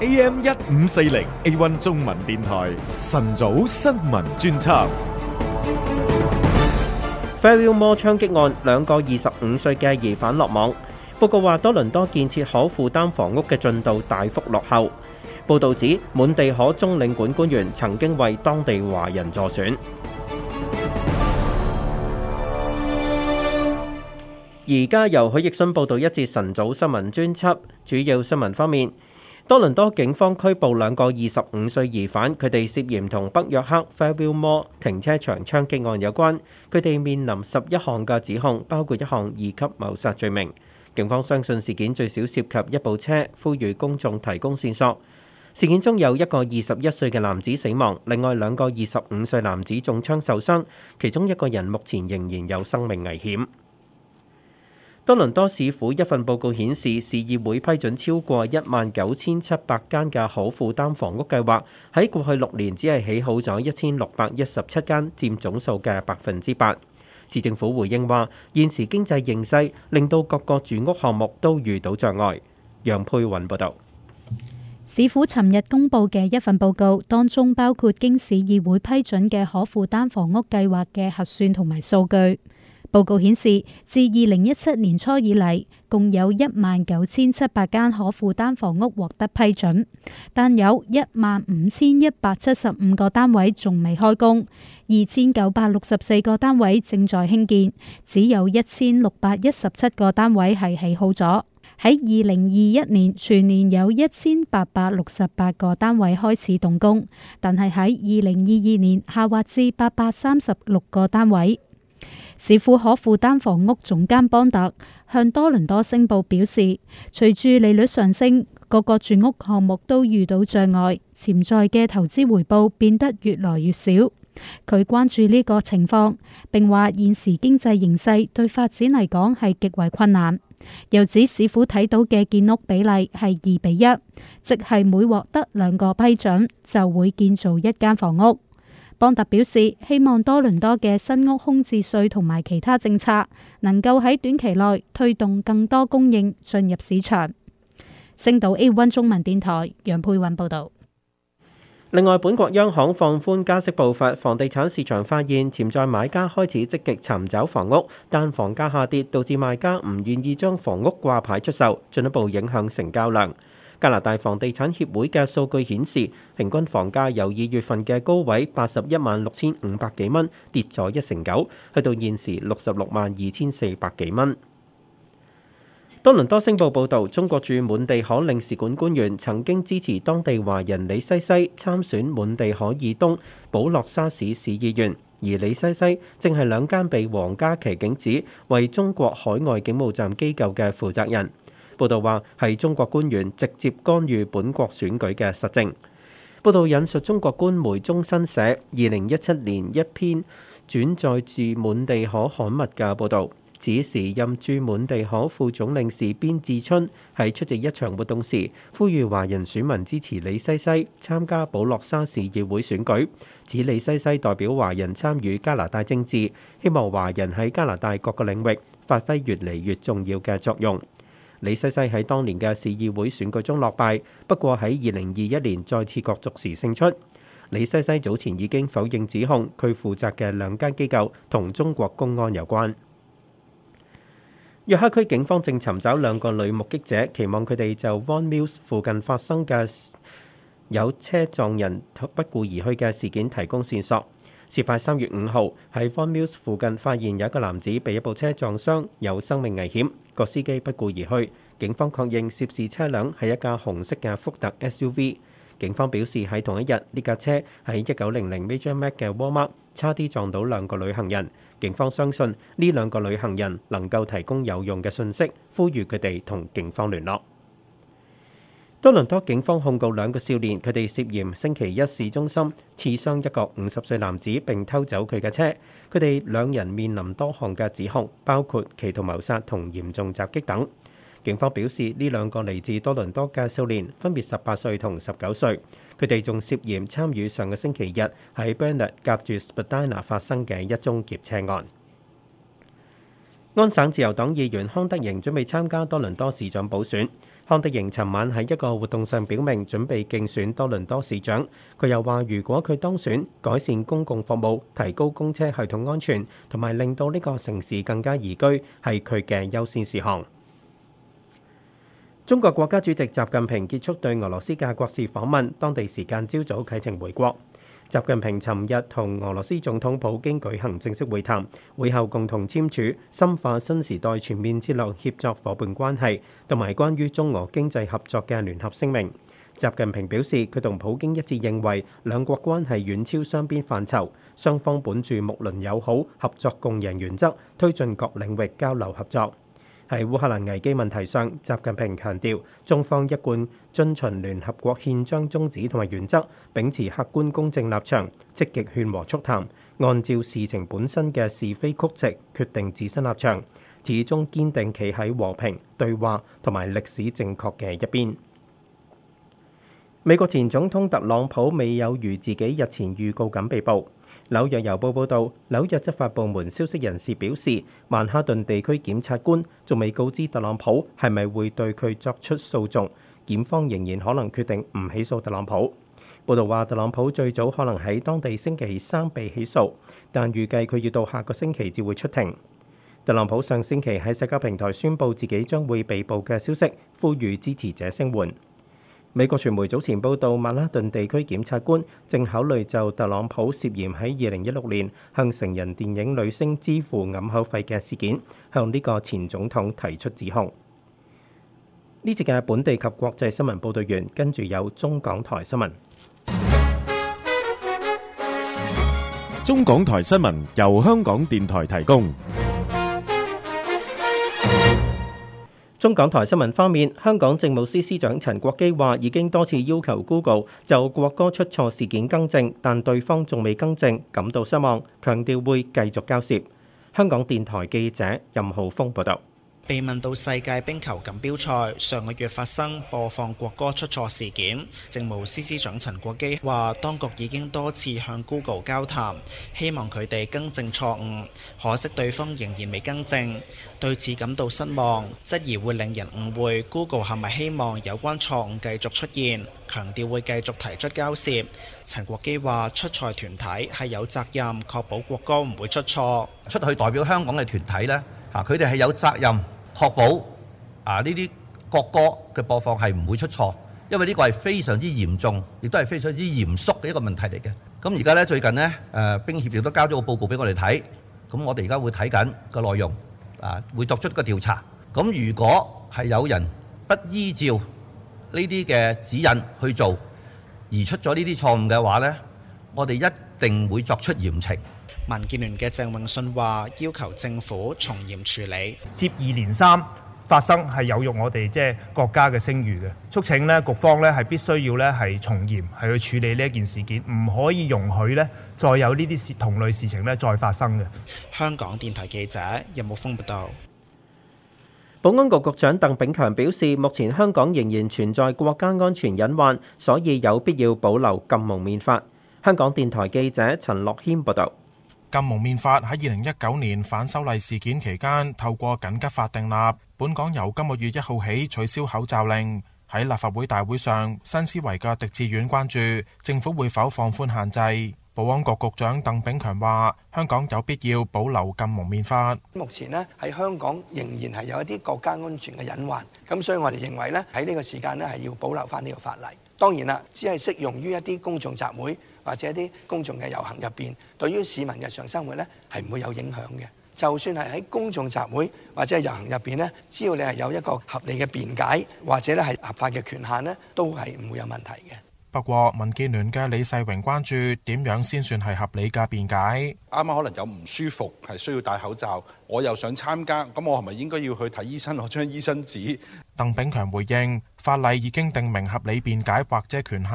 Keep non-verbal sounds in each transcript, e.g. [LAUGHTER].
AM 一五四零 A One 中文電台晨早新聞專輯，費爾摩槍擊案兩個二十五歲嘅疑犯落網。報告話多倫多建設可負擔房屋嘅進度大幅落後。報道指滿地可中領館官員曾經為當地華人助選。而家 [MUSIC] 由許奕迅報道一節晨早新聞專輯，主要新聞方面。多倫多警方拘捕兩個二十五歲疑犯，佢哋涉嫌同北約克 Fairview Mall 停車場槍擊案有關。佢哋面臨十一項嘅指控，包括一項二級謀殺罪名。警方相信事件最少涉及一部車，呼籲公眾提供線索。事件中有一個二十一歲嘅男子死亡，另外兩個二十五歲男子中槍受傷，其中一個人目前仍然有生命危險。多倫多市府一份報告顯示，市議會批准超過一萬九千七百間嘅可負擔房屋計劃，喺過去六年只係起好咗一千六百一十七間，佔總數嘅百分之八。市政府回應話，現時經濟形勢令到各個住屋項目都遇到障礙。楊佩雲報導。市府尋日公布嘅一份報告，當中包括經市議會批准嘅可負擔房屋計劃嘅核算同埋數據。報告顯示，自二零一七年初以嚟，共有一萬九千七百間可負擔房屋獲得批准，但有一萬五千一百七十五個單位仲未開工，二千九百六十四個單位正在興建，只有一千六百一十七個單位係起好咗。喺二零二一年全年有一千八百六十八個單位開始動工，但係喺二零二二年下滑至八百三十六個單位。市府可負擔房屋總監邦特向多倫多星報表示，隨住利率上升，各個住屋項目都遇到障礙，潛在嘅投資回報變得越來越少。佢關注呢個情況，並話現時經濟形勢對發展嚟講係極為困難。又指市府睇到嘅建屋比例係二比一，即係每獲得兩個批準就會建造一間房屋。邦特表示，希望多倫多嘅新屋空置稅同埋其他政策，能夠喺短期內推動更多供應進入市場。星島 A1 中文電台楊佩韻報道。另外，本國央行放寬加息步伐，房地產市場發現潛在買家開始積極尋找房屋，但房價下跌導致賣家唔願意將房屋掛牌出售，進一步影響成交量。加拿大房地產協會嘅數據顯示，平均房價由二月份嘅高位八十一萬六千五百幾蚊跌咗一成九，去到現時六十六萬二千四百幾蚊。多倫多星報報導，中國駐滿地可領事館官員曾經支持當地華人李西西參選滿地可爾東保洛沙士市議員，而李西西正係兩間被皇家騎警指為中國海外警務站機構嘅負責人。報道話係中國官員直接干預本國選舉嘅實證。報道引述中國官媒中新社二零一七年一篇轉載駐滿地可刊物嘅報導，此時任駐滿地可副總領事邊智春喺出席一場活動時，呼籲華人選民支持李西西參加保洛沙市議會選舉，指李西西代表華人參與加拿大政治，希望華人喺加拿大各個領域發揮越嚟越重要嘅作用。李西西喺當年嘅市議會選舉中落敗，不過喺二零二一年再次角逐時勝出。李西西早前已經否認指控佢負責嘅兩間機構同中國公安有關。約克區警方正尋找兩個女目擊者，期望佢哋就 Vaughan Mills 附近發生嘅有車撞人不顧而去嘅事件提供線索。事發三月五號喺 Vaughan Mills 附近發現有一個男子被一部車撞傷，有生命危險。個司機不顧而去。警方確認涉事車輛係一架紅色嘅福特 SUV。警方表示喺同一日呢架車，喺一九零零 Major Mac 嘅 Walmart 差啲撞到兩個旅行人。警方相信呢兩個旅行人能夠提供有用嘅信息，呼籲佢哋同警方聯絡。多倫多警方控告兩個少年，佢哋涉嫌星期一市中心刺傷一個五十歲男子並偷走佢嘅車，佢哋兩人面臨多項嘅指控，包括企圖謀殺同嚴重襲擊等。警方表示，呢兩個嚟自多倫多嘅少年分別十八歲同十九歲，佢哋仲涉嫌參與上個星期日喺 Burla 隔住 Spadina 發生嘅一宗劫車案。安省自由黨議員康德瑩準備參加多倫多市長補選。康迪營尋晚喺一個活動上表明準備競選多倫多市長。佢又話，如果佢當選，改善公共服務、提高公車系統安全同埋令到呢個城市更加宜居，係佢嘅優先事項。中國國家主席習近平結束對俄羅斯嘅國事訪問，當地時間朝早啟程回國。習近平尋日同俄羅斯總統普京舉行正式會談，會後共同簽署《深化新時代全面戰略協作伙伴關係》同埋關於中俄經濟合作嘅聯合聲明。習近平表示，佢同普京一致認為兩國關係遠超雙邊範疇，雙方本著睦鄰友好、合作共贏原則，推進各領域交流合作。喺烏克蘭危機問題上，習近平強調中方一貫遵循聯合國憲章宗旨同埋原則，秉持客觀公正立場，積極勸和促談，按照事情本身嘅是非曲直決定自身立場，始終堅定企喺和平對話同埋歷史正確嘅一邊。美國前總統特朗普未有如自己日前預告咁被捕。紐約郵報報導，紐約執法部門消息人士表示，曼哈頓地區檢察官仲未告知特朗普係咪會對佢作出訴訟，檢方仍然可能決定唔起訴特朗普。報導話，特朗普最早可能喺當地星期三被起訴，但預計佢要到下個星期至會出庭。特朗普上星期喺社交平台宣布自己將會被捕嘅消息，呼籲支持者聲援。美國傳媒早前報道，曼哈頓地區檢察官正考慮就特朗普涉嫌喺二零一六年向成人電影女星支付掩口費嘅事件，向呢個前總統提出指控。呢節嘅本地及國際新聞報道員，跟住有中港台新聞。中港台新聞由香港電台提供。中港台新聞方面，香港政務司司長陳國基話：已經多次要求 Google 就國歌出錯事件更正，但對方仲未更正，感到失望，強調會繼續交涉。香港電台記者任浩峰報導。被問到世界冰球錦標賽上個月發生播放國歌出錯事件，政務司司長陳國基話，當局已經多次向 Google 交談，希望佢哋更正錯誤，可惜對方仍然未更正，對此感到失望，質疑會令人誤會 Google 係咪希望有關錯誤繼續出現？強調會繼續提出交涉。陳國基話，出賽團體係有責任確保國歌唔會出錯，出去代表香港嘅團體呢，吓佢哋係有責任。確保啊呢啲國歌嘅播放係唔會出錯，因為呢個係非常之嚴重，亦都係非常之嚴肅嘅一個問題嚟嘅。咁而家呢最近呢，誒兵協亦都交咗個報告俾我哋睇，咁我哋而家會睇緊個內容，啊會作出個調查。咁如果係有人不依照呢啲嘅指引去做，而出咗呢啲錯誤嘅話呢，我哋一定會作出嚴懲。民建聯嘅鄭泳舜話，要求政府從嚴處理，接二連三發生係有辱我哋即係國家嘅聲譽嘅。促請咧，局方咧係必須要咧係從嚴係去處理呢一件事件，唔可以容許咧再有呢啲事同類事情咧再發生嘅。香港電台記者任木峰報道。保安局局長鄧炳強表示，目前香港仍然存在國家安全隱患，所以有必要保留禁蒙面法。香港電台記者陳樂謙報道。禁蒙面法喺二零一九年反修例事件期間，透過緊急法定立。本港由今個月一號起取消口罩令。喺立法會大會上，新思維嘅狄志遠關注政府會否放寬限制。保安局局長鄧炳強話,香港有必要保留禁蒙面法。目前呢喺香港仍然係有一啲國家安全嘅隱患,噉所以我哋認為喺呢個時間呢係要保留返呢個法例。當然啦,只係適用於一啲公眾不過，民建聯嘅李世榮關注點樣先算係合理嘅辯解？啱啱可能有唔舒服，係需要戴口罩，我又想參加，咁我係咪應該要去睇醫生攞張醫生紙？鄧炳強回應：法例已經定明合理辯解或者權限。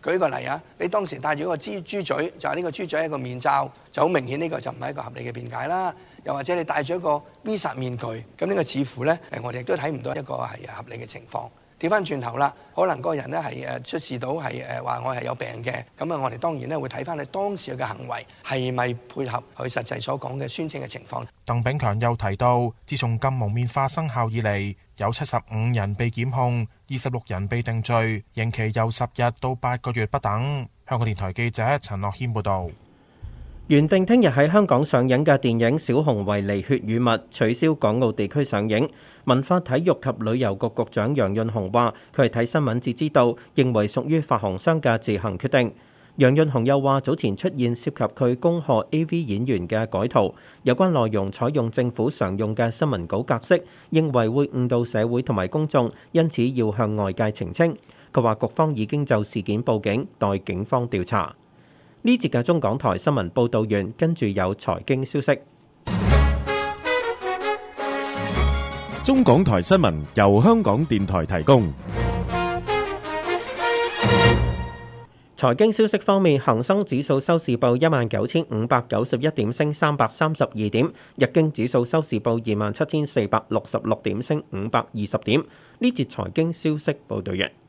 舉個例啊，你當時戴住一個豬嘴，就係、是、呢個豬嘴一個面罩，就好明顯呢個就唔係一個合理嘅辯解啦。又或者你戴住一個 V 煞面具，咁呢個似乎呢，我哋都睇唔到一個係合理嘅情況。調翻轉頭啦，可能嗰個人呢，係誒出示到，係誒話我係有病嘅，咁啊我哋當然呢會睇翻你當時嘅行為係咪配合佢實際所講嘅宣稱嘅情況。鄧炳強又提到，自從禁蒙面法生效以嚟，有七十五人被檢控，二十六人被定罪，刑期由十日到八個月不等。香港電台記者陳樂軒報導。原定聽日喺香港上映嘅電影《小熊維尼血與蜜》，取消港澳地區上映。文化體育及旅遊局局長楊潤雄話，佢係睇新聞至知道，認為屬於發行商嘅自行決定。楊潤雄又話，早前出現涉及佢工學 AV 演員嘅改圖，有關內容採用政府常用嘅新聞稿格式，認為會誤導社會同埋公眾，因此要向外界澄清。佢話，局方已經就事件報警，待警方調查。呢節嘅中港台新聞報道完，跟住有財經消息。中港台新聞由香港電台提供。財經消息方面，恒生指數收市報一萬九千五百九十一點，升三百三十二點；日經指數收市報二萬七千四百六十六點，升五百二十點。呢節財經消息報道完。